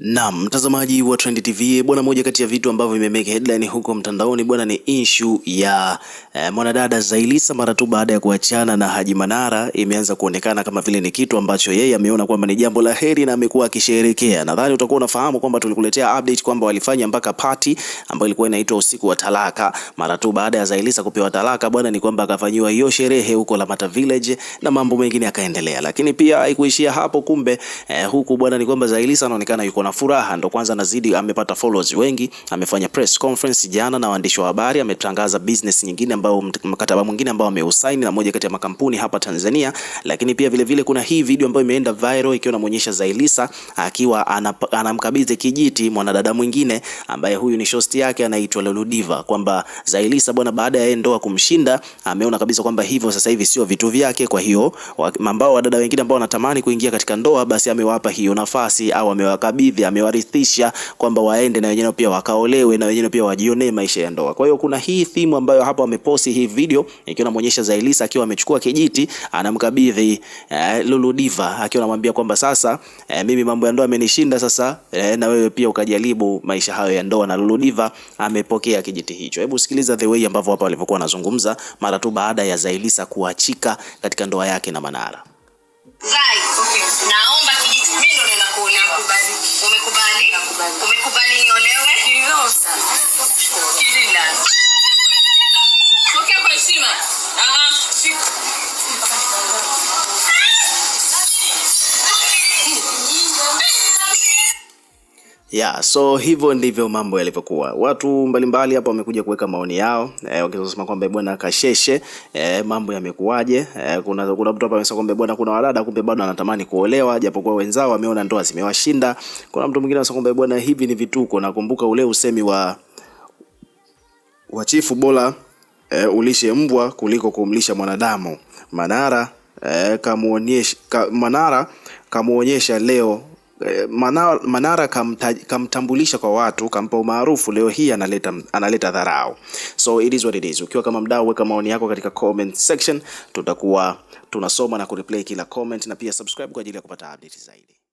Naam, mtazamaji wa Trend TV bwana, moja kati ya vitu ambavyo vimemeke headline huko mtandaoni bwana ni issue ya eh, mwanadada Zailisa mara tu baada ya kuachana na Haji Manara imeanza kuonekana kama vile ni kitu ambacho yeye ameona kwamba ni jambo la heri na amekuwa akisherehekea. Nadhani utakuwa unafahamu kwamba tulikuletea update kwamba walifanya mpaka party ambayo ilikuwa inaitwa usiku wa talaka. Mara tu baada ya Zailisa kupewa talaka bwana, ni kwamba akafanyiwa hiyo sherehe huko Lamata Village na mambo mengine yakaendelea, lakini pia haikuishia hapo. Kumbe eh, huku bwana ni kwamba Zailisa anaonekana yuko na furaha, ndo kwanza anazidi amepata followers wengi. Amefanya press conference jana na waandishi wa habari, ametangaza business nyingine ambayo mkataba mwingine ambao ameusaini na moja kati ya makampuni hapa Tanzania. Lakini pia vile vile kuna hii video ambayo imeenda viral ikiwa inamuonyesha Zailisa akiwa anamkabidhi kijiti mwanadada mwingine ambaye huyu ni shosti yake anaitwa Diva, kwamba Zailisa bwana, baada ya yeye ndoa kumshinda, ameona kabisa kwamba hivyo sasa hivi sio vitu vyake. Kwa hiyo ambao wadada wengine ambao wanatamani kuingia katika ndoa, basi amewapa hiyo nafasi au amewakabidhi hivi amewarithisha kwamba waende na wenyewe pia wakaolewe na wenyewe pia wajionee maisha ya ndoa. Kwa hiyo kuna hii theme ambayo hapo ameposti hii video ikiwa inamuonyesha Zailisa akiwa amechukua kijiti anamkabidhi eh, Lulu Diva akiwa anamwambia kwamba sasa eh, mimi mambo ya ndoa amenishinda sasa eh, na wewe pia ukajaribu maisha hayo ya ndoa, na Lulu Diva amepokea kijiti hicho. Hebu sikiliza the way ambavyo hapa walivyokuwa wanazungumza mara tu baada ya Zailisa kuachika katika ndoa yake na Manara Zai, okay. Naomba Yeah, so hivyo ndivyo mambo yalivyokuwa. Watu mbalimbali hapa wamekuja kuweka maoni yao e, eh, wakisema kwamba eh, bwana Kasheshe e, mambo yamekuwaje? E, kuna kuna mtu hapa amesema kwamba bwana kuna wadada kumbe bado anatamani kuolewa japokuwa wenzao wameona ndoa zimewashinda. Kuna mtu mwingine anasema kwamba bwana hivi ni vituko, nakumbuka ule usemi wa wa chifu bora e, ulishe mbwa kuliko kumlisha mwanadamu. Manara e, kamuonyesha ka, Manara kamuonyesha leo Eh, Manara, kamtambulisha kwa watu, kampa umaarufu. Leo hii analeta analeta dharau, so it is what it is. Ukiwa kama mdau, weka maoni yako katika comment section, tutakuwa tunasoma na kureplay kila comment, na pia subscribe kwa ajili ya kupata update zaidi.